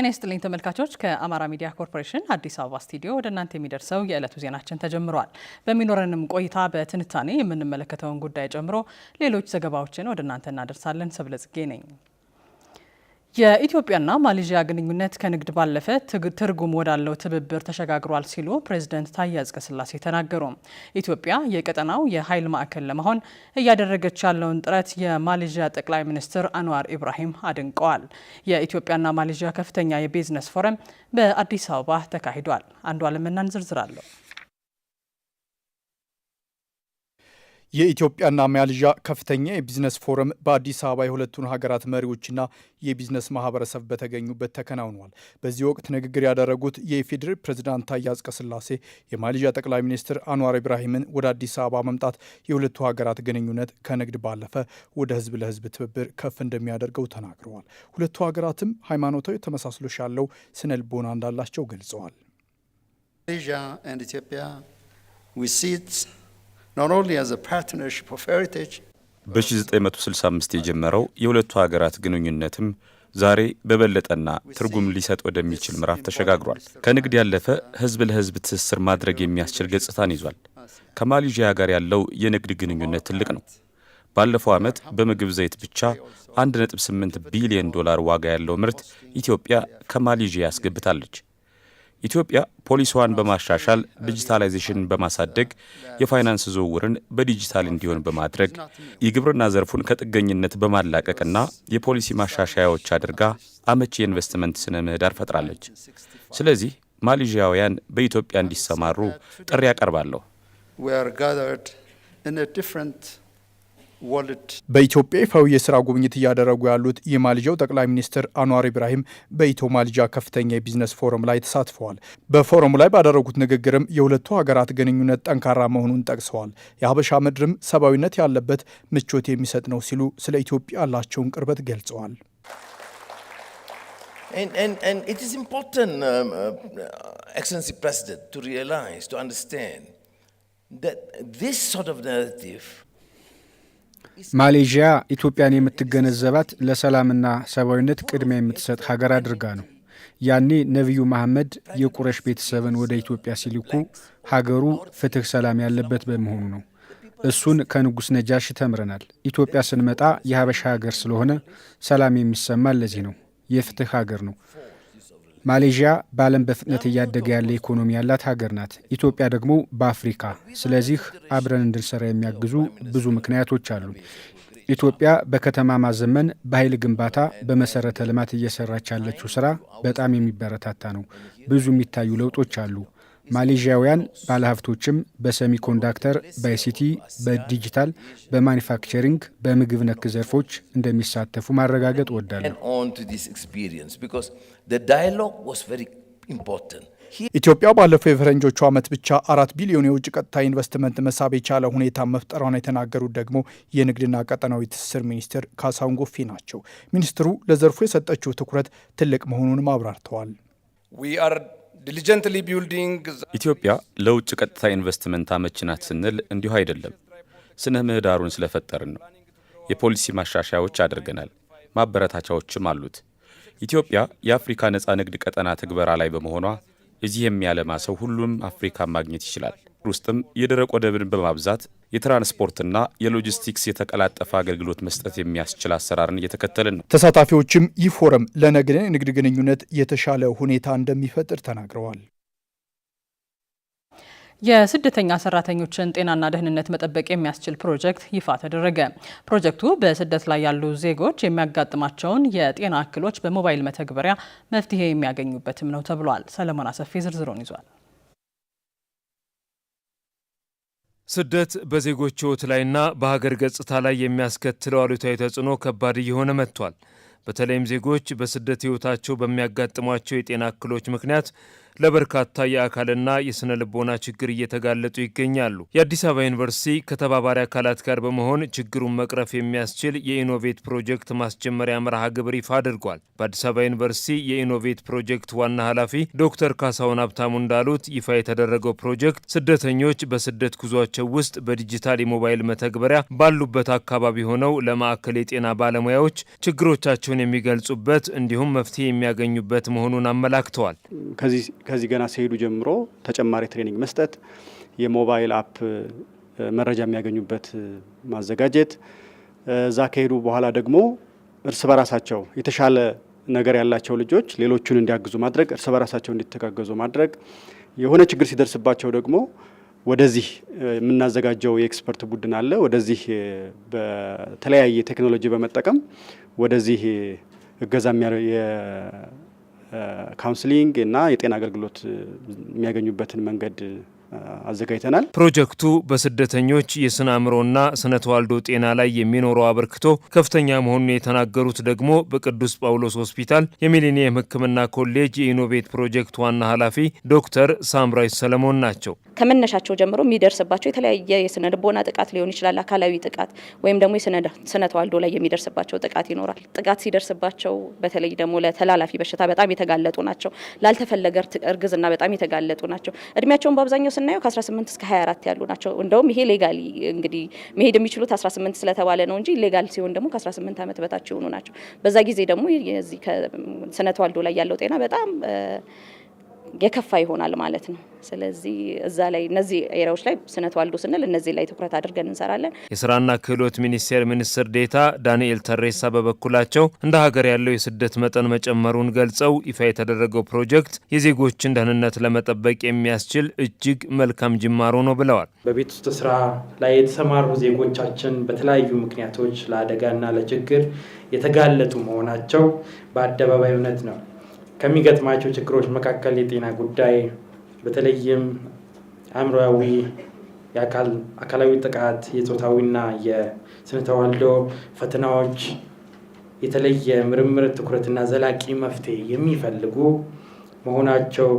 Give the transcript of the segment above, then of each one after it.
ጤና ይስጥልኝ ተመልካቾች፣ ከአማራ ሚዲያ ኮርፖሬሽን አዲስ አበባ ስቱዲዮ ወደ እናንተ የሚደርሰው የዕለቱ ዜናችን ተጀምሯል። በሚኖረንም ቆይታ በትንታኔ የምንመለከተውን ጉዳይ ጨምሮ ሌሎች ዘገባዎችን ወደ እናንተ እናደርሳለን። ሰብለጽጌ ነኝ። የኢትዮጵያና ማሌዥያ ግንኙነት ከንግድ ባለፈ ትርጉም ወዳለው ትብብር ተሸጋግሯል ሲሉ ፕሬዝደንት ታዬ አጽቀሥላሴ ተናገሩ። ኢትዮጵያ የቀጠናው የኃይል ማዕከል ለመሆን እያደረገች ያለውን ጥረት የማሌዥያ ጠቅላይ ሚኒስትር አንዋር ኢብራሂም አድንቀዋል። የኢትዮጵያና ማሌዥያ ከፍተኛ የቢዝነስ ፎረም በአዲስ አበባ ተካሂዷል። አንዷ አለምናን ዝርዝር አለው። የኢትዮጵያና ማሌዥያ ከፍተኛ የቢዝነስ ፎረም በአዲስ አበባ የሁለቱን ሀገራት መሪዎችና የቢዝነስ ማህበረሰብ በተገኙበት ተከናውኗል። በዚህ ወቅት ንግግር ያደረጉት የኢፌዴሪ ፕሬዝዳንት ታዬ አጽቀሥላሴ የማሌዥያ ጠቅላይ ሚኒስትር አንዋር ኢብራሂምን ወደ አዲስ አበባ መምጣት የሁለቱ ሀገራት ግንኙነት ከንግድ ባለፈ ወደ ህዝብ ለህዝብ ትብብር ከፍ እንደሚያደርገው ተናግረዋል። ሁለቱ ሀገራትም ሃይማኖታዊ ተመሳስሎች ያለው ስነ ልቦና እንዳላቸው ገልጸዋል። በ1965 የጀመረው የሁለቱ ሀገራት ግንኙነትም ዛሬ በበለጠና ትርጉም ሊሰጥ ወደሚችል ምዕራፍ ተሸጋግሯል። ከንግድ ያለፈ ህዝብ ለህዝብ ትስስር ማድረግ የሚያስችል ገጽታን ይዟል። ከማሌዥያ ጋር ያለው የንግድ ግንኙነት ትልቅ ነው። ባለፈው ዓመት በምግብ ዘይት ብቻ 1.8 ቢሊዮን ዶላር ዋጋ ያለው ምርት ኢትዮጵያ ከማሌዥያ ያስገብታለች። ኢትዮጵያ ፖሊሲዋን በማሻሻል ዲጂታላይዜሽንን በማሳደግ የፋይናንስ ዝውውርን በዲጂታል እንዲሆን በማድረግ የግብርና ዘርፉን ከጥገኝነት በማላቀቅና የፖሊሲ ማሻሻያዎች አድርጋ አመቺ የኢንቨስትመንት ስነ ምህዳር ፈጥራለች። ስለዚህ ማሌዥያውያን በኢትዮጵያ እንዲሰማሩ ጥሪ ያቀርባለሁ። በኢትዮጵያ ይፋዊ የስራ ጉብኝት እያደረጉ ያሉት የማልጃው ጠቅላይ ሚኒስትር አንዋር ኢብራሂም በኢትዮ ማልጃ ከፍተኛ የቢዝነስ ፎረም ላይ ተሳትፈዋል። በፎረሙ ላይ ባደረጉት ንግግርም የሁለቱ ሀገራት ግንኙነት ጠንካራ መሆኑን ጠቅሰዋል። የሀበሻ ምድርም ሰብአዊነት ያለበት ምቾት የሚሰጥ ነው ሲሉ ስለ ኢትዮጵያ ያላቸውን ቅርበት ገልጸዋል። ፕሬዚደንት ማሌዥያ ኢትዮጵያን የምትገነዘባት ለሰላምና ሰብአዊነት ቅድሚያ የምትሰጥ ሀገር አድርጋ ነው። ያኔ ነቢዩ መሐመድ የቁረሽ ቤተሰብን ወደ ኢትዮጵያ ሲልኩ ሀገሩ ፍትህ፣ ሰላም ያለበት በመሆኑ ነው። እሱን ከንጉሥ ነጃሽ ተምረናል። ኢትዮጵያ ስንመጣ የሀበሻ ሀገር ስለሆነ ሰላም የሚሰማ ለዚህ ነው። የፍትህ ሀገር ነው። ማሌዥያ በዓለም በፍጥነት እያደገ ያለ ኢኮኖሚ ያላት ሀገር ናት። ኢትዮጵያ ደግሞ በአፍሪካ። ስለዚህ አብረን እንድንሰራ የሚያግዙ ብዙ ምክንያቶች አሉ። ኢትዮጵያ በከተማ ማዘመን፣ በኃይል ግንባታ፣ በመሰረተ ልማት እየሰራች ያለችው ስራ በጣም የሚበረታታ ነው። ብዙ የሚታዩ ለውጦች አሉ። ማሌዥያውያን ባለሀብቶችም በሰሚኮንዳክተር፣ በአይሲቲ፣ በዲጂታል፣ በማኒፋክቸሪንግ፣ በምግብ ነክ ዘርፎች እንደሚሳተፉ ማረጋገጥ እወዳለሁ። ኢትዮጵያ ባለፈው የፈረንጆቹ ዓመት ብቻ አራት ቢሊዮን የውጭ ቀጥታ ኢንቨስትመንት መሳብ የቻለ ሁኔታ መፍጠሯን የተናገሩት ደግሞ የንግድና ቀጠናዊ ትስስር ሚኒስትር ካሳሁን ጎፌ ናቸው። ሚኒስትሩ ለዘርፉ የሰጠችው ትኩረት ትልቅ መሆኑንም አብራርተዋል። ኢትዮጵያ ለውጭ ቀጥታ ኢንቨስትመንት አመቺ ናት ስንል እንዲሁ አይደለም። ስነ ምህዳሩን ስለፈጠርን ነው። የፖሊሲ ማሻሻያዎች አድርገናል። ማበረታቻዎችም አሉት። ኢትዮጵያ የአፍሪካ ነፃ ንግድ ቀጠና ትግበራ ላይ በመሆኗ እዚህ የሚያለማ ሰው ሁሉም አፍሪካ ማግኘት ይችላል። ውስጥም የደረቅ ወደብን በማብዛት የትራንስፖርትና የሎጂስቲክስ የተቀላጠፈ አገልግሎት መስጠት የሚያስችል አሰራርን እየተከተልን ነው። ተሳታፊዎችም ይህ ፎረም ለነገ የንግድ ግንኙነት የተሻለ ሁኔታ እንደሚፈጥር ተናግረዋል። የስደተኛ ሰራተኞችን ጤናና ደህንነት መጠበቅ የሚያስችል ፕሮጀክት ይፋ ተደረገ። ፕሮጀክቱ በስደት ላይ ያሉ ዜጎች የሚያጋጥማቸውን የጤና እክሎች በሞባይል መተግበሪያ መፍትሄ የሚያገኙበትም ነው ተብሏል። ሰለሞን አሰፌ ዝርዝሩን ይዟል። ስደት በዜጎች ሕይወት ላይና በሀገር ገጽታ ላይ የሚያስከትለው አሉታዊ ተጽዕኖ ከባድ እየሆነ መጥቷል። በተለይም ዜጎች በስደት ሕይወታቸው በሚያጋጥሟቸው የጤና እክሎች ምክንያት ለበርካታ የአካልና የስነ ልቦና ችግር እየተጋለጡ ይገኛሉ። የአዲስ አበባ ዩኒቨርሲቲ ከተባባሪ አካላት ጋር በመሆን ችግሩን መቅረፍ የሚያስችል የኢኖቬት ፕሮጀክት ማስጀመሪያ መርሃ ግብር ይፋ አድርጓል። በአዲስ አበባ ዩኒቨርሲቲ የኢኖቬት ፕሮጀክት ዋና ኃላፊ ዶክተር ካሳሁን ሀብታሙ እንዳሉት ይፋ የተደረገው ፕሮጀክት ስደተኞች በስደት ጉዟቸው ውስጥ በዲጂታል የሞባይል መተግበሪያ ባሉበት አካባቢ ሆነው ለማዕከል የጤና ባለሙያዎች ችግሮቻቸውን የሚገልጹበት እንዲሁም መፍትሄ የሚያገኙበት መሆኑን አመላክተዋል። ከዚህ ገና ሲሄዱ ጀምሮ ተጨማሪ ትሬኒንግ መስጠት፣ የሞባይል አፕ መረጃ የሚያገኙበት ማዘጋጀት፣ እዛ ከሄዱ በኋላ ደግሞ እርስ በራሳቸው የተሻለ ነገር ያላቸው ልጆች ሌሎቹን እንዲያግዙ ማድረግ፣ እርስ በራሳቸው እንዲተጋገዙ ማድረግ፣ የሆነ ችግር ሲደርስባቸው ደግሞ ወደዚህ የምናዘጋጀው የኤክስፐርት ቡድን አለ። ወደዚህ በተለያየ ቴክኖሎጂ በመጠቀም ወደዚህ እገዛ ካውንስሊንግ እና የጤና አገልግሎት የሚያገኙበትን መንገድ አዘጋጅተናል። ፕሮጀክቱ በስደተኞች የስነ አእምሮና ስነ ተዋልዶ ጤና ላይ የሚኖረው አበርክቶ ከፍተኛ መሆኑን የተናገሩት ደግሞ በቅዱስ ጳውሎስ ሆስፒታል የሚሊኒየም ሕክምና ኮሌጅ የኢኖቬት ፕሮጀክት ዋና ኃላፊ ዶክተር ሳምራይ ሰለሞን ናቸው። ከመነሻቸው ጀምሮ የሚደርስባቸው የተለያየ የስነ ልቦና ጥቃት ሊሆን ይችላል፣ አካላዊ ጥቃት ወይም ደግሞ የስነ ተዋልዶ ላይ የሚደርስባቸው ጥቃት ይኖራል። ጥቃት ሲደርስባቸው በተለይ ደግሞ ለተላላፊ በሽታ በጣም የተጋለጡ ናቸው። ላልተፈለገ እርግዝና በጣም የተጋለጡ ናቸው። እድሜያቸውን በአብዛኛው ስናየው ከ18 እስከ 24 ያሉ ናቸው። እንደውም ይሄ ሌጋሊ እንግዲህ መሄድ የሚችሉት 18 ስለተባለ ነው እንጂ ሌጋል ሲሆን ደግሞ ከ18 ዓመት በታች የሆኑ ናቸው። በዛ ጊዜ ደግሞ የዚህ ተዋልዶ ላይ ያለው ጤና በጣም የከፋ ይሆናል ማለት ነው። ስለዚህ እዛ ላይ እነዚህ ኤሪያዎች ላይ ስነ ተዋልዶ ስንል እነዚህ ላይ ትኩረት አድርገን እንሰራለን። የስራና ክህሎት ሚኒስቴር ሚኒስትር ዴታ ዳንኤል ተሬሳ በበኩላቸው እንደ ሀገር ያለው የስደት መጠን መጨመሩን ገልጸው ይፋ የተደረገው ፕሮጀክት የዜጎችን ደህንነት ለመጠበቅ የሚያስችል እጅግ መልካም ጅማሮ ነው ብለዋል። በቤት ውስጥ ስራ ላይ የተሰማሩ ዜጎቻችን በተለያዩ ምክንያቶች ለአደጋና ለችግር የተጋለጡ መሆናቸው በአደባባይ እውነት ነው። ከሚገጥማቸው ችግሮች መካከል የጤና ጉዳይ በተለይም አእምሮዊ፣ አካላዊ ጥቃት፣ የፆታዊና የስነተዋልዶ ፈተናዎች የተለየ ምርምር፣ ትኩረትና ዘላቂ መፍትሄ የሚፈልጉ መሆናቸው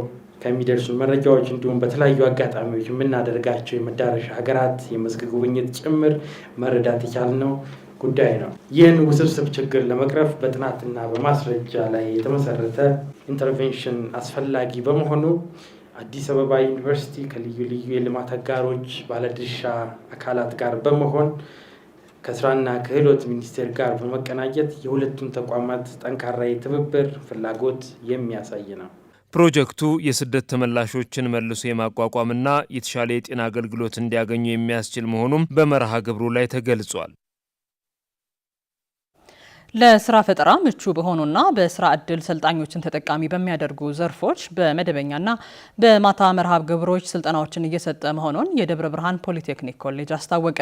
ከሚደርሱ መረጃዎች እንዲሁም በተለያዩ አጋጣሚዎች የምናደርጋቸው የመዳረሻ ሀገራት የመስክ ጉብኝት ጭምር መረዳት ነው። ጉዳይ ነው። ይህን ውስብስብ ችግር ለመቅረፍ በጥናትና በማስረጃ ላይ የተመሰረተ ኢንተርቬንሽን አስፈላጊ በመሆኑ አዲስ አበባ ዩኒቨርሲቲ ከልዩ ልዩ የልማት አጋሮች፣ ባለድርሻ አካላት ጋር በመሆን ከስራና ክህሎት ሚኒስቴር ጋር በመቀናጀት የሁለቱን ተቋማት ጠንካራ የትብብር ፍላጎት የሚያሳይ ነው። ፕሮጀክቱ የስደት ተመላሾችን መልሶ የማቋቋምና የተሻለ የጤና አገልግሎት እንዲያገኙ የሚያስችል መሆኑም በመርሃ ግብሩ ላይ ተገልጿል። ለስራ ፈጠራ ምቹ በሆኑና በስራ እድል ሰልጣኞችን ተጠቃሚ በሚያደርጉ ዘርፎች በመደበኛና በማታ መርሃብ ግብሮች ስልጠናዎችን እየሰጠ መሆኑን የደብረ ብርሃን ፖሊቴክኒክ ኮሌጅ አስታወቀ።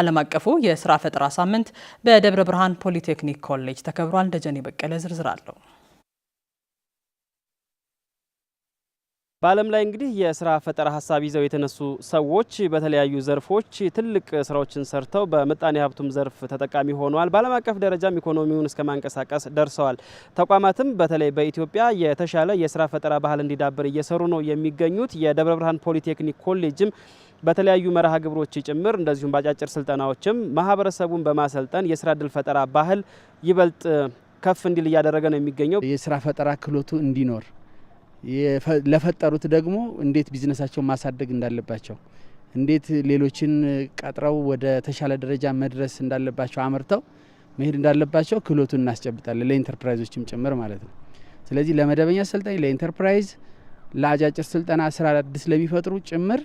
ዓለም አቀፉ የስራ ፈጠራ ሳምንት በደብረ ብርሃን ፖሊቴክኒክ ኮሌጅ ተከብሯል። ደጀኔ በቀለ ዝርዝር አለው። በዓለም ላይ እንግዲህ የስራ ፈጠራ ሀሳብ ይዘው የተነሱ ሰዎች በተለያዩ ዘርፎች ትልቅ ስራዎችን ሰርተው በምጣኔ ሀብቱም ዘርፍ ተጠቃሚ ሆነዋል። በዓለም አቀፍ ደረጃም ኢኮኖሚውን እስከ ማንቀሳቀስ ደርሰዋል። ተቋማትም በተለይ በኢትዮጵያ የተሻለ የስራ ፈጠራ ባህል እንዲዳብር እየሰሩ ነው የሚገኙት። የደብረ ብርሃን ፖሊቴክኒክ ኮሌጅም በተለያዩ መርሃ ግብሮች ጭምር እንደዚሁም በአጫጭር ስልጠናዎችም ማህበረሰቡን በማሰልጠን የስራ እድል ፈጠራ ባህል ይበልጥ ከፍ እንዲል እያደረገ ነው የሚገኘው። የስራ ፈጠራ ክህሎቱ እንዲኖር ለፈጠሩት ደግሞ እንዴት ቢዝነሳቸውን ማሳደግ እንዳለባቸው፣ እንዴት ሌሎችን ቀጥረው ወደ ተሻለ ደረጃ መድረስ እንዳለባቸው፣ አምርተው መሄድ እንዳለባቸው ክህሎቱን እናስጨብጣለን ለኢንተርፕራይዞችም ጭምር ማለት ነው። ስለዚህ ለመደበኛ አሰልጣኝ፣ ለኢንተርፕራይዝ፣ ለአጫጭር ስልጠና ስራ አዲስ ለሚፈጥሩ ጭምር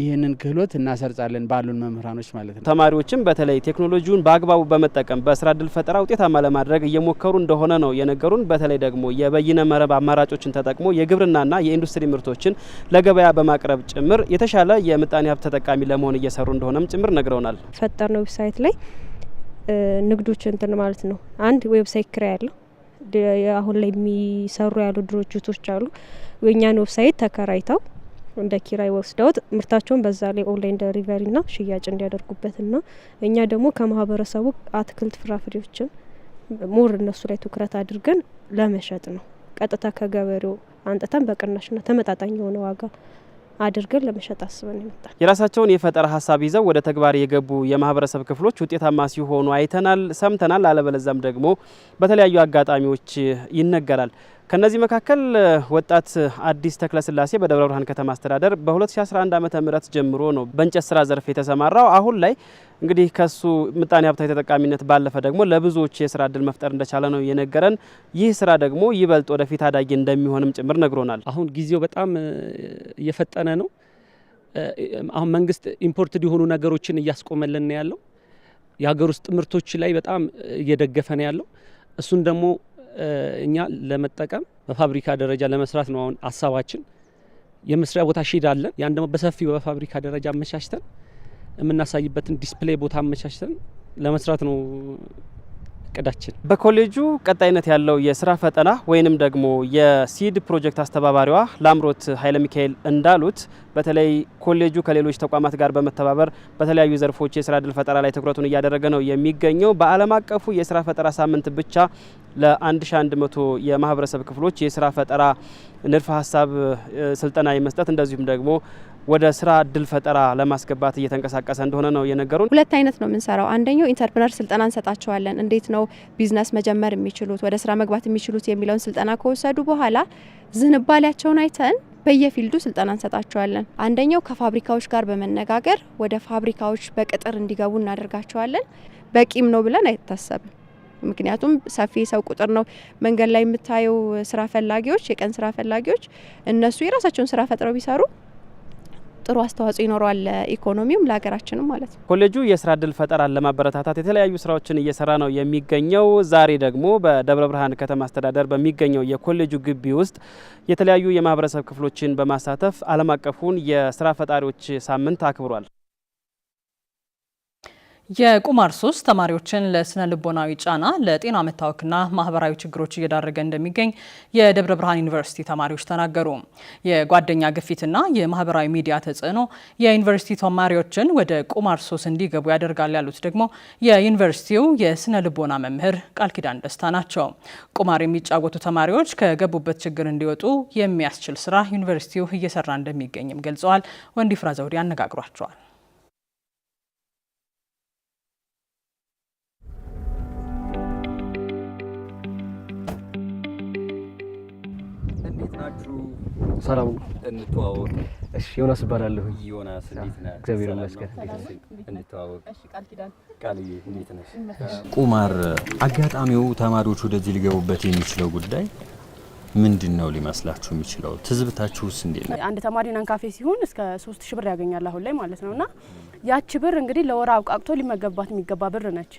ይህንን ክህሎት እናሰርጻለን ባሉን መምህራኖች ማለት ነው። ተማሪዎችም በተለይ ቴክኖሎጂውን በአግባቡ በመጠቀም በስራ እድል ፈጠራ ውጤታማ ለማድረግ እየሞከሩ እንደሆነ ነው የነገሩን። በተለይ ደግሞ የበይነ መረብ አማራጮችን ተጠቅሞ የግብርናና የኢንዱስትሪ ምርቶችን ለገበያ በማቅረብ ጭምር የተሻለ የምጣኔ ሀብት ተጠቃሚ ለመሆን እየሰሩ እንደሆነም ጭምር ነግረውናል። ፈጠር ነው ዌብሳይት ላይ ንግዶች እንትን ማለት ነው። አንድ ዌብሳይት ክራይ ያለው አሁን ላይ የሚሰሩ ያሉ ድርጅቶች አሉ። የእኛን ዌብሳይት ተከራይተው እንደ ኪራይ ወስደውት ምርታቸውን በዛ ላይ ኦንላይን ና ሽያጭ እንዲያደርጉበትና እኛ ደግሞ ከማህበረሰቡ አትክልት ፍራፍሬዎችን ሞር እነሱ ላይ ትኩረት አድርገን ለመሸጥ ነው። ቀጥታ ከገበሬው አንጥተን ና ተመጣጣኝ የሆነ ዋጋ አድርገን ለመሸጥ አስበን ይመጣል። የራሳቸውን የፈጠራ ሀሳብ ይዘው ወደ ተግባር የገቡ የማህበረሰብ ክፍሎች ውጤታማ ሲሆኑ አይተናል፣ ሰምተናል። አለበለዚያም ደግሞ በተለያዩ አጋጣሚዎች ይነገራል። ከነዚህ መካከል ወጣት አዲስ ተክለስላሴ በደብረ ብርሃን ከተማ አስተዳደር በ2011 ዓመተ ምህረት ጀምሮ ነው በእንጨት ስራ ዘርፍ የተሰማራው። አሁን ላይ እንግዲህ ከሱ ምጣኔ ሀብታዊ ተጠቃሚነት ባለፈ ደግሞ ለብዙዎች የስራ እድል መፍጠር እንደቻለ ነው የነገረን። ይህ ስራ ደግሞ ይበልጥ ወደፊት አዳጊ እንደሚሆንም ጭምር ነግሮናል። አሁን ጊዜው በጣም እየፈጠነ ነው። አሁን መንግስት ኢምፖርትድ የሆኑ ነገሮችን እያስቆመልን ያለው። የሀገር ውስጥ ምርቶች ላይ በጣም እየደገፈ ነው ያለው። እሱን ደግሞ እኛ ለመጠቀም በፋብሪካ ደረጃ ለመስራት ነው አሁን ሀሳባችን። የመስሪያ ቦታ ሼድ አለን። ያን ደግሞ በሰፊ በፋብሪካ ደረጃ አመቻችተን የምናሳይበትን ዲስፕሌይ ቦታ አመቻችተን ለመስራት ነው እቅዳችን። በኮሌጁ ቀጣይነት ያለው የስራ ፈጠና ወይንም ደግሞ የሲድ ፕሮጀክት አስተባባሪዋ ላምሮት ኃይለ ሚካኤል እንዳሉት በተለይ ኮሌጁ ከሌሎች ተቋማት ጋር በመተባበር በተለያዩ ዘርፎች የስራ እድል ፈጠራ ላይ ትኩረቱን እያደረገ ነው የሚገኘው። በዓለም አቀፉ የስራ ፈጠራ ሳምንት ብቻ ለ1100 የማህበረሰብ ክፍሎች የስራ ፈጠራ ንድፈ ሀሳብ ስልጠና የመስጠት እንደዚሁም ደግሞ ወደ ስራ እድል ፈጠራ ለማስገባት እየተንቀሳቀሰ እንደሆነ ነው የነገሩን። ሁለት አይነት ነው የምንሰራው። አንደኛው ኢንተርፕረነር ስልጠና እንሰጣቸዋለን። እንዴት ነው ቢዝነስ መጀመር የሚችሉት ወደ ስራ መግባት የሚችሉት የሚለውን ስልጠና ከወሰዱ በኋላ ዝንባሌያቸውን አይተን በየፊልዱ ስልጠና እንሰጣቸዋለን። አንደኛው ከፋብሪካዎች ጋር በመነጋገር ወደ ፋብሪካዎች በቅጥር እንዲገቡ እናደርጋቸዋለን። በቂም ነው ብለን አይታሰብም። ምክንያቱም ሰፊ ሰው ቁጥር ነው። መንገድ ላይ የምታየው ስራ ፈላጊዎች፣ የቀን ስራ ፈላጊዎች እነሱ የራሳቸውን ስራ ፈጥረው ቢሰሩ ጥሩ አስተዋጽኦ ይኖረዋል ለኢኮኖሚውም ለሀገራችንም ማለት ነው። ኮሌጁ የስራ እድል ፈጠራን ለማበረታታት የተለያዩ ስራዎችን እየሰራ ነው የሚገኘው። ዛሬ ደግሞ በደብረ ብርሃን ከተማ አስተዳደር በሚገኘው የኮሌጁ ግቢ ውስጥ የተለያዩ የማህበረሰብ ክፍሎችን በማሳተፍ ዓለም አቀፉን የስራ ፈጣሪዎች ሳምንት አክብሯል። የቁማር ሱስ ተማሪዎችን ለስነ ልቦናዊ ጫና፣ ለጤና መታወክና ማህበራዊ ችግሮች እየዳረገ እንደሚገኝ የደብረ ብርሃን ዩኒቨርሲቲ ተማሪዎች ተናገሩ። የጓደኛ ግፊትና የማህበራዊ ሚዲያ ተጽዕኖ የዩኒቨርሲቲ ተማሪዎችን ወደ ቁማር ሱስ እንዲገቡ ያደርጋል ያሉት ደግሞ የዩኒቨርሲቲው የስነ ልቦና መምህር ቃል ኪዳን ደስታ ናቸው። ቁማር የሚጫወቱ ተማሪዎች ከገቡበት ችግር እንዲወጡ የሚያስችል ስራ ዩኒቨርሲቲው እየሰራ እንደሚገኝም ገልጸዋል። ወንዲ ፍራ ዘውዴ አነጋግሯቸዋል። ሰላም ነው። እንተዋወቅ። እሺ፣ ዮናስ እባላለሁኝ። ዮናስ እንዴት ነህ? እግዚአብሔር ይመስገን። እንተዋወቅ። ቁማር አጋጣሚው ተማሪዎች ወደዚህ ሊገቡበት የሚችለው ጉዳይ ምንድን ነው ሊመስላችሁ የሚችለው? ትዝብታችሁስ እንዴት ነው? አንድ ተማሪ ነን ካፌ ሲሆን እስከ ሶስት ሺህ ብር ያገኛል አሁን ላይ ማለት ነው። እና ያቺ ብር እንግዲህ ለወር አብቃቅቶ ሊመገባት የሚገባ ብር ነች።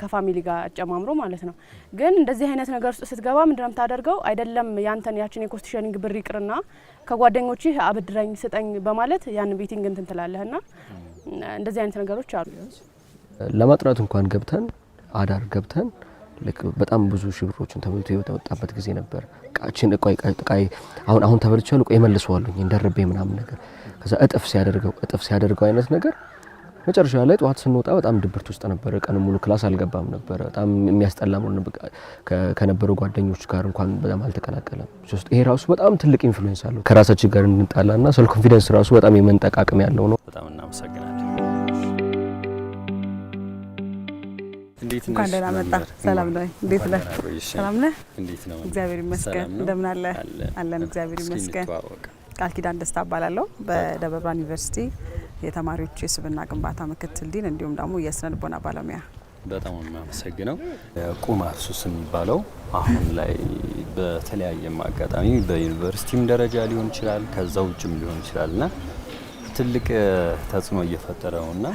ከፋሚሊ ጋር አጨማምሮ ማለት ነው። ግን እንደዚህ አይነት ነገር ውስጥ ስትገባ ምንድነው የምታደርገው? አይደለም ያንተን ያችን የኮስት ሼሪንግ ብር ይቅርና ከጓደኞችህ አብድረኝ ስጠኝ በማለት ያን ቤቲንግ እንትን ትላለህ እንደዚህ አይነት ነገሮች አሉ። ለማጥናት እንኳን ገብተን አዳር ገብተን በጣም ብዙ ሺህ ብሮችን ተበልቶ የወጣበት ጊዜ ነበር። እቃችን እቃይ አሁን አሁን ተበልቻለሁ ቆይ መልሰዋለሁ እንደርቤ ምናምን ነገር ከዛ እጥፍ ሲያደርገው እጥፍ ሲያደርገው አይነት ነገር መጨረሻ ላይ ጠዋት ስንወጣ በጣም ድብርት ውስጥ ነበረ። ቀን ሙሉ ክላስ አልገባም ነበረ። በጣም የሚያስጠላ ከነበረው ጓደኞች ጋር እንኳን በጣም አልተቀላቀለም። ይሄ ራሱ በጣም ትልቅ ኢንፍሉዌንስ አለው። ከራሳችን ጋር እንጣላ እና ሰልፍ ኮንፊደንስ ራሱ በጣም የመንጠቅ አቅም ያለው ነው። በጣም እናመሰግናለን። እንዴት ነሽ? ደህና መጣ። ሰላም ነህ? እንዴት ነህ? ሰላም ነህ? እግዚአብሔር ይመስገን። እንደምን አለ አለን። እግዚአብሔር ይመስገን። ቃል ኪዳን ደስታ እባላለሁ። በደብረ ብርሃን ዩኒቨርሲቲ የተማሪዎች የስብና ግንባታ ምክትል ዲን እንዲሁም ደግሞ የስነ ልቦና ባለሙያ። በጣም የሚያመሰግነው ቁማር ሱስ የሚባለው አሁን ላይ በተለያየም አጋጣሚ በዩኒቨርሲቲም ደረጃ ሊሆን ይችላል፣ ከዛ ውጭም ሊሆን ይችላል እና ትልቅ ተጽዕኖ እየፈጠረው እና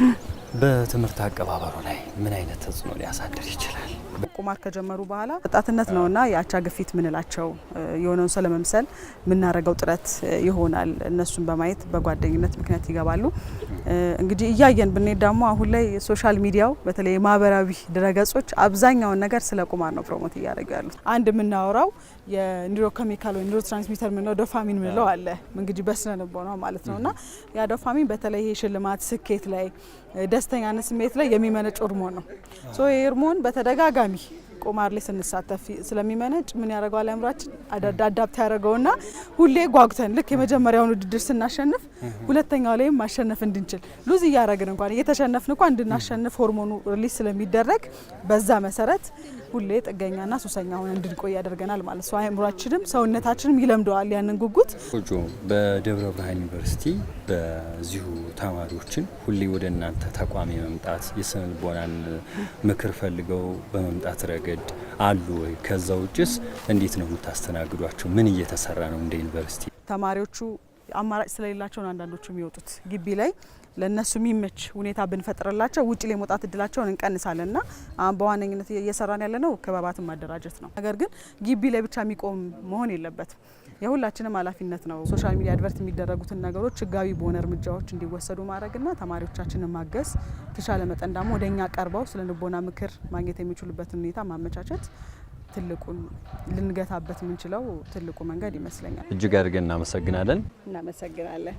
በትምህርት አቀባበሩ ላይ ምን አይነት ተጽዕኖ ሊያሳድር ይችላል? መቆማት ከጀመሩ በኋላ ወጣትነት ነውና የአቻ ግፊት ምንላቸው የሆነውን ሰው ለመምሰል የምናደርገው ጥረት ይሆናል። እነሱን በማየት በጓደኝነት ምክንያት ይገባሉ። እንግዲህ እያየን ብንሄድ ደግሞ አሁን ላይ ሶሻል ሚዲያው በተለይ የማህበራዊ ድረገጾች አብዛኛውን ነገር ስለ ቁማር ነው ፕሮሞት እያደረጉ ያሉት። አንድ የምናወራው የኒውሮኬሚካል ወይ ኒሮ ትራንስሚተር ምንለው ዶፋሚን ምንለው አለ እንግዲህ በስነ ልቦና ማለት እና ያ ዶፋሚን በተለይ ሽልማት፣ ስኬት ላይ ደስተኛነት ስሜት ላይ የሚመነጭ ሆርሞን ነው። ሶ ይህ ሆርሞን በተደጋጋሚ ቁማር ላይ ስንሳተፍ ስለሚመነጭ ምን ያደረገዋል አእምሯችን አዳዳዳብታ ያደረገውና ሁሌ ጓጉተን ልክ የመጀመሪያውን ውድድር ስናሸንፍ ሁለተኛው ላይም ማሸነፍ እንድንችል ሉዝ እያደረግን እንኳን እየተሸነፍን እንኳን እንድናሸንፍ ሆርሞኑ ሪሊስ ስለሚደረግ በዛ መሰረት ሁሌ ጥገኛና ሱሰኛ ሆነ እንድንቆይ ያደርገናል ማለት ሰው አእምሯችንም ሰውነታችንም ይለምደዋል ያንን ጉጉት። ጆ በደብረ ብርሃን ዩኒቨርሲቲ በዚሁ ተማሪዎችን ሁሌ ወደ እናንተ ተቋም የመምጣት የስነ ልቦናን ምክር ፈልገው በመምጣት ረገድ አሉ ወይ? ከዛ ውጭስ እንዴት ነው የምታስተናግዷቸው? ምን እየተሰራ ነው እንደ ዩኒቨርሲቲ ተማሪዎቹ አማራጭ ስለሌላቸው ነው አንዳንዶቹ የሚወጡት ግቢ ላይ ለእነሱ የሚመች ሁኔታ ብንፈጥርላቸው ውጭ ላይ መውጣት እድላቸውን እንቀንሳለን። ና አሁን በዋነኝነት እየሰራን ያለ ነው ክበባትን ማደራጀት ነው። ነገር ግን ግቢ ላይ ብቻ የሚቆም መሆን የለበትም። የሁላችንም ኃላፊነት ነው። ሶሻል ሚዲያ አድቨርት የሚደረጉትን ነገሮች ህጋዊ በሆነ እርምጃዎች እንዲወሰዱ ማድረግና ተማሪዎቻችንን ማገዝ ተቻለ መጠን ደግሞ ወደ እኛ ቀርበው ስለ ልቦና ምክር ማግኘት የሚችሉበትን ሁኔታ ማመቻቸት ትልቁን ልንገታበት የምንችለው ትልቁ መንገድ ይመስለኛል። እጅግ አድርገን እናመሰግናለን። እናመሰግናለን።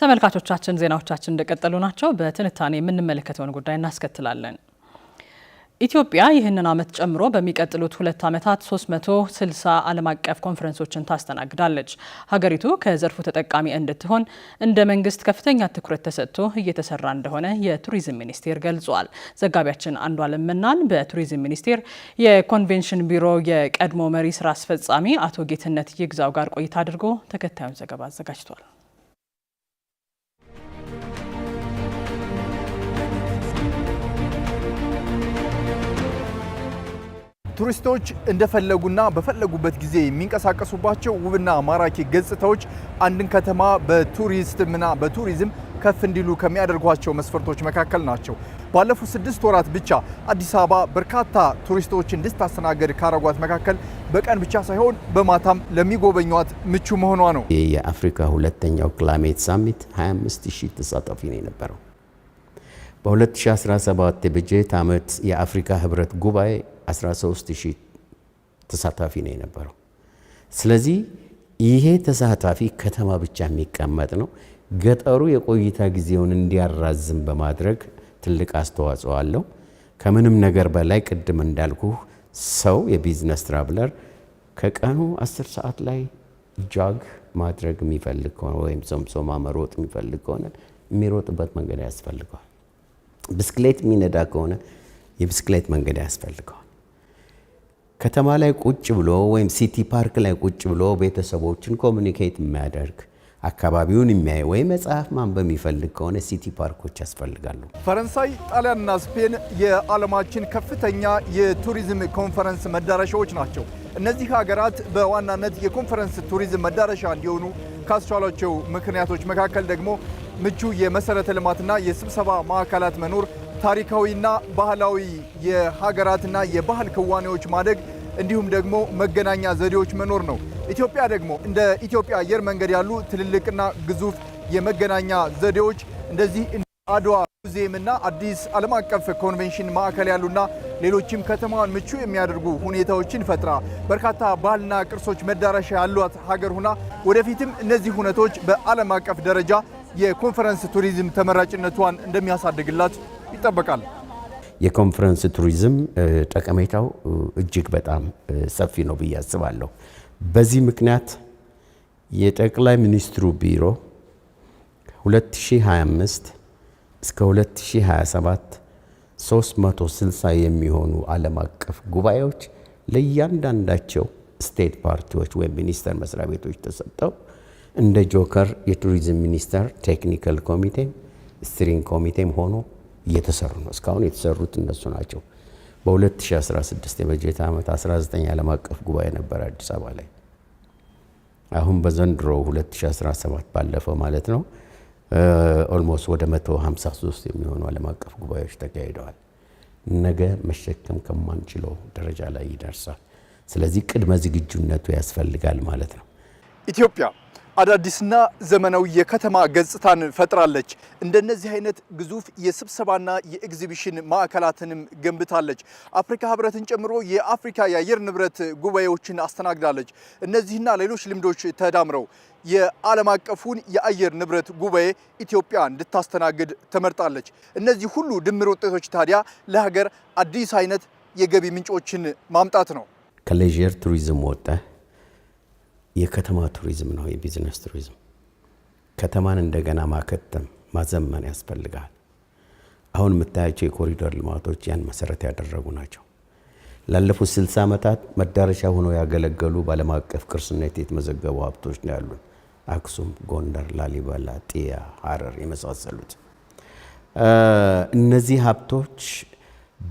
ተመልካቾቻችን ዜናዎቻችን እንደቀጠሉ ናቸው። በትንታኔ የምንመለከተውን ጉዳይ እናስከትላለን። ኢትዮጵያ ይህንን ዓመት ጨምሮ በሚቀጥሉት ሁለት ዓመታት 360 ዓለም አቀፍ ኮንፈረንሶችን ታስተናግዳለች። ሀገሪቱ ከዘርፉ ተጠቃሚ እንድትሆን እንደ መንግስት ከፍተኛ ትኩረት ተሰጥቶ እየተሰራ እንደሆነ የቱሪዝም ሚኒስቴር ገልጿል። ዘጋቢያችን አንዷለም ምናን በቱሪዝም ሚኒስቴር የኮንቬንሽን ቢሮ የቀድሞ መሪ ስራ አስፈጻሚ አቶ ጌትነት ይግዛው ጋር ቆይታ አድርጎ ተከታዩን ዘገባ አዘጋጅቷል። ቱሪስቶች እንደፈለጉና በፈለጉበት ጊዜ የሚንቀሳቀሱባቸው ውብና ማራኪ ገጽታዎች አንድን ከተማ በቱሪስትምና በቱሪዝም ከፍ እንዲሉ ከሚያደርጓቸው መስፈርቶች መካከል ናቸው። ባለፉት ስድስት ወራት ብቻ አዲስ አበባ በርካታ ቱሪስቶች እንድታስተናገድ ካረጓት መካከል በቀን ብቻ ሳይሆን በማታም ለሚጎበኟት ምቹ መሆኗ ነው። ይህ የአፍሪካ ሁለተኛው ክላይሜት ሳሚት 25 ሺህ ተሳታፊ ነው የነበረው። በ2017 በጀት ዓመት የአፍሪካ ህብረት ጉባኤ 13 ሺህ ተሳታፊ ነው የነበረው። ስለዚህ ይሄ ተሳታፊ ከተማ ብቻ የሚቀመጥ ነው። ገጠሩ የቆይታ ጊዜውን እንዲያራዝም በማድረግ ትልቅ አስተዋጽኦ አለው። ከምንም ነገር በላይ ቅድም እንዳልኩ ሰው የቢዝነስ ትራቭለር ከቀኑ 10 ሰዓት ላይ ጃግ ማድረግ የሚፈልግ ከሆነ ወይም ሶምሶማ መሮጥ የሚፈልግ ከሆነ የሚሮጥበት መንገድ ያስፈልገዋል። ብስክሌት የሚነዳ ከሆነ የብስክሌት መንገድ ያስፈልገዋል። ከተማ ላይ ቁጭ ብሎ ወይም ሲቲ ፓርክ ላይ ቁጭ ብሎ ቤተሰቦችን ኮሚኒኬት የሚያደርግ አካባቢውን የሚያይ ወይ መጽሐፍ ማንበብ የሚፈልግ ከሆነ ሲቲ ፓርኮች ያስፈልጋሉ። ፈረንሳይ፣ ጣሊያንና ስፔን የዓለማችን ከፍተኛ የቱሪዝም ኮንፈረንስ መዳረሻዎች ናቸው። እነዚህ ሀገራት በዋናነት የኮንፈረንስ ቱሪዝም መዳረሻ እንዲሆኑ ካስቻሏቸው ምክንያቶች መካከል ደግሞ ምቹ የመሰረተ ልማትና የስብሰባ ማዕከላት መኖር ታሪካዊና ባህላዊ የሀገራትና የባህል ክዋኔዎች ማደግ እንዲሁም ደግሞ መገናኛ ዘዴዎች መኖር ነው። ኢትዮጵያ ደግሞ እንደ ኢትዮጵያ አየር መንገድ ያሉ ትልልቅና ግዙፍ የመገናኛ ዘዴዎች እንደዚህ አድዋ ሙዚየምና አዲስ ዓለም አቀፍ ኮንቬንሽን ማዕከል ያሉና ሌሎችም ከተማዋን ምቹ የሚያደርጉ ሁኔታዎችን ፈጥራ በርካታ ባህልና ቅርሶች መዳረሻ ያሏት ሀገር ሁና ወደፊትም እነዚህ ሁነቶች በዓለም አቀፍ ደረጃ የኮንፈረንስ ቱሪዝም ተመራጭነቷን እንደሚያሳድግላት ይጠበቃል። የኮንፈረንስ ቱሪዝም ጠቀሜታው እጅግ በጣም ሰፊ ነው ብዬ አስባለሁ። በዚህ ምክንያት የጠቅላይ ሚኒስትሩ ቢሮ 2025 እስከ 2027 360 የሚሆኑ ዓለም አቀፍ ጉባኤዎች ለእያንዳንዳቸው ስቴት ፓርቲዎች ወይም ሚኒስቴር መስሪያ ቤቶች ተሰጠው እንደ ጆከር የቱሪዝም ሚኒስቴር ቴክኒካል ኮሚቴም ስትሪንግ ኮሚቴም ሆኖ እየተሰሩ ነው። እስካሁን የተሰሩት እነሱ ናቸው። በ2016 የበጀት ዓመት 19 ዓለም አቀፍ ጉባኤ ነበር አዲስ አበባ ላይ። አሁን በዘንድሮ 2017 ባለፈው ማለት ነው ኦልሞስት ወደ 153 የሚሆኑ ዓለም አቀፍ ጉባኤዎች ተካሂደዋል። ነገ መሸከም ከማንችለው ደረጃ ላይ ይደርሳል። ስለዚህ ቅድመ ዝግጁነቱ ያስፈልጋል ማለት ነው ኢትዮጵያ አዳዲስና ዘመናዊ የከተማ ገጽታን ፈጥራለች። እንደነዚህ አይነት ግዙፍ የስብሰባና የኤግዚቢሽን ማዕከላትንም ገንብታለች። አፍሪካ ህብረትን ጨምሮ የአፍሪካ የአየር ንብረት ጉባኤዎችን አስተናግዳለች። እነዚህና ሌሎች ልምዶች ተዳምረው የዓለም አቀፉን የአየር ንብረት ጉባኤ ኢትዮጵያ እንድታስተናግድ ተመርጣለች። እነዚህ ሁሉ ድምር ውጤቶች ታዲያ ለሀገር አዲስ አይነት የገቢ ምንጮችን ማምጣት ነው። ከሌዥየር ቱሪዝም ወጣ የከተማ ቱሪዝም ነው፣ የቢዝነስ ቱሪዝም። ከተማን እንደገና ማከተም ማዘመን ያስፈልጋል። አሁን የምታያቸው የኮሪደር ልማቶች ያን መሰረት ያደረጉ ናቸው። ላለፉት 60 ዓመታት መዳረሻ ሆነው ያገለገሉ በዓለም አቀፍ ቅርስነት የተመዘገቡ ሀብቶች ነው ያሉን። አክሱም፣ ጎንደር፣ ላሊበላ፣ ጢያ፣ ሀረር የመሳሰሉት እነዚህ ሀብቶች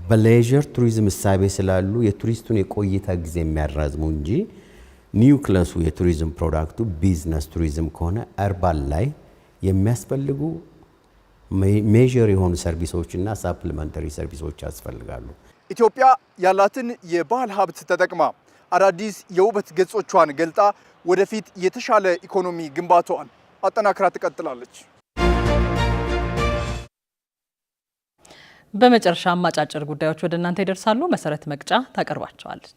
በሌዥር ቱሪዝም እሳቤ ስላሉ የቱሪስቱን የቆይታ ጊዜ የሚያራዝሙ እንጂ ኒውክለሱ የቱሪዝም ፕሮዳክቱ ቢዝነስ ቱሪዝም ከሆነ እርባን ላይ የሚያስፈልጉ ሜዥር የሆኑ ሰርቪሶችና ሳፕሊመንተሪ ሰርቪሶች ያስፈልጋሉ። ኢትዮጵያ ያላትን የባህል ሀብት ተጠቅማ አዳዲስ የውበት ገጾቿን ገልጣ ወደፊት የተሻለ ኢኮኖሚ ግንባታዋን አጠናክራ ትቀጥላለች። በመጨረሻም አጫጭር ጉዳዮች ወደ እናንተ ይደርሳሉ። መሰረት መቅጫ ታቀርባቸዋለች።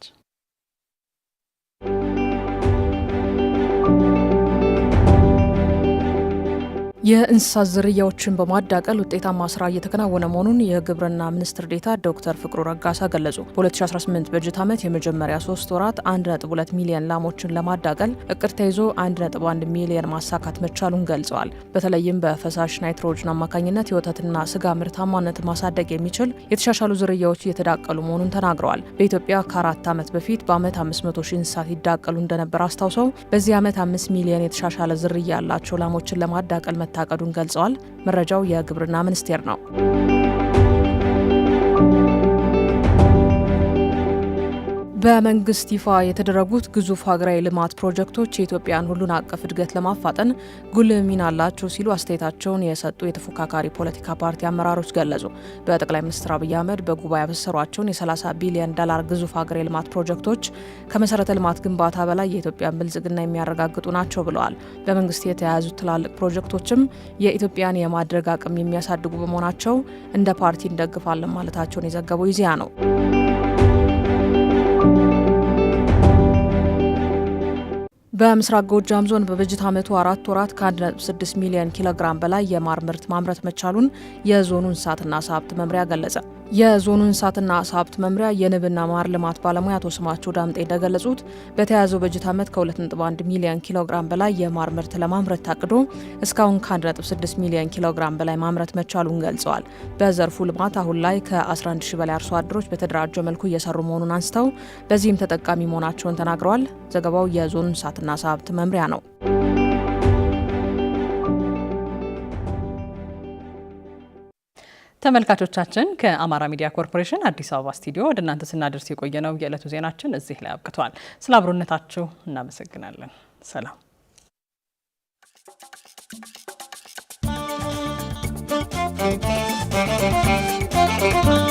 የእንስሳት ዝርያዎችን በማዳቀል ውጤታማ ስራ እየተከናወነ መሆኑን የግብርና ሚኒስትር ዴታ ዶክተር ፍቅሩ ረጋሳ ገለጹ። በ2018 በጀት ዓመት የመጀመሪያ ሶስት ወራት 1.2 ሚሊዮን ላሞችን ለማዳቀል እቅድ ተይዞ 1.1 ሚሊዮን ማሳካት መቻሉን ገልጸዋል። በተለይም በፈሳሽ ናይትሮጅን አማካኝነት የወተትና ስጋ ምርታማነት ማሳደግ የሚችል የተሻሻሉ ዝርያዎች እየተዳቀሉ መሆኑን ተናግረዋል። በኢትዮጵያ ከአራት ዓመት በፊት በዓመት 500 ሺህ እንስሳት ይዳቀሉ እንደነበር አስታውሰው በዚህ ዓመት 5 ሚሊዮን የተሻሻለ ዝርያ ያላቸው ላሞችን ለማዳቀል መታቀዱን ገልጸዋል። መረጃው የግብርና ሚኒስቴር ነው። በመንግስት ይፋ የተደረጉት ግዙፍ ሀገራዊ ልማት ፕሮጀክቶች የኢትዮጵያን ሁሉን አቀፍ እድገት ለማፋጠን ጉልህ ሚና አላቸው ሲሉ አስተያየታቸውን የሰጡ የተፎካካሪ ፖለቲካ ፓርቲ አመራሮች ገለጹ። በጠቅላይ ሚኒስትር አብይ አህመድ በጉባኤ ያበሰሯቸውን የ30 ቢሊዮን ዶላር ግዙፍ ሀገራዊ ልማት ፕሮጀክቶች ከመሰረተ ልማት ግንባታ በላይ የኢትዮጵያን ብልጽግና የሚያረጋግጡ ናቸው ብለዋል። በመንግስት የተያያዙት ትላልቅ ፕሮጀክቶችም የኢትዮጵያን የማድረግ አቅም የሚያሳድጉ በመሆናቸው እንደ ፓርቲ እንደግፋለን ማለታቸውን የዘገበው ይዜያ ነው። በምስራቅ ጎጃም ዞን በበጀት ዓመቱ አራት ወራት ከ1.6 ሚሊዮን ኪሎግራም በላይ የማር ምርት ማምረት መቻሉን የዞኑ እንስሳትና ዓሳ ሀብት መምሪያ ገለጸ። የዞኑ እንስሳትና አሳ ሀብት መምሪያ የንብና ማር ልማት ባለሙያ አቶ ስማቸው ዳምጤ እንደገለጹት በተያያዘው በጀት ዓመት ከ2.1 ሚሊዮን ኪሎ ግራም በላይ የማር ምርት ለማምረት ታቅዶ እስካሁን ከ1.6 ሚሊዮን ኪሎ ግራም በላይ ማምረት መቻሉን ገልጸዋል። በዘርፉ ልማት አሁን ላይ ከ11 ሺ በላይ አርሶ አደሮች በተደራጀ መልኩ እየሰሩ መሆኑን አንስተው በዚህም ተጠቃሚ መሆናቸውን ተናግረዋል። ዘገባው የዞኑ እንስሳትና አሳ ሀብት መምሪያ ነው። ተመልካቾቻችን ከአማራ ሚዲያ ኮርፖሬሽን አዲስ አበባ ስቱዲዮ ወደ እናንተ ስናደርስ የቆየነው የዕለቱ ዜናችን እዚህ ላይ አብቅቷል። ስለ አብሮነታችሁ እናመሰግናለን። ሰላም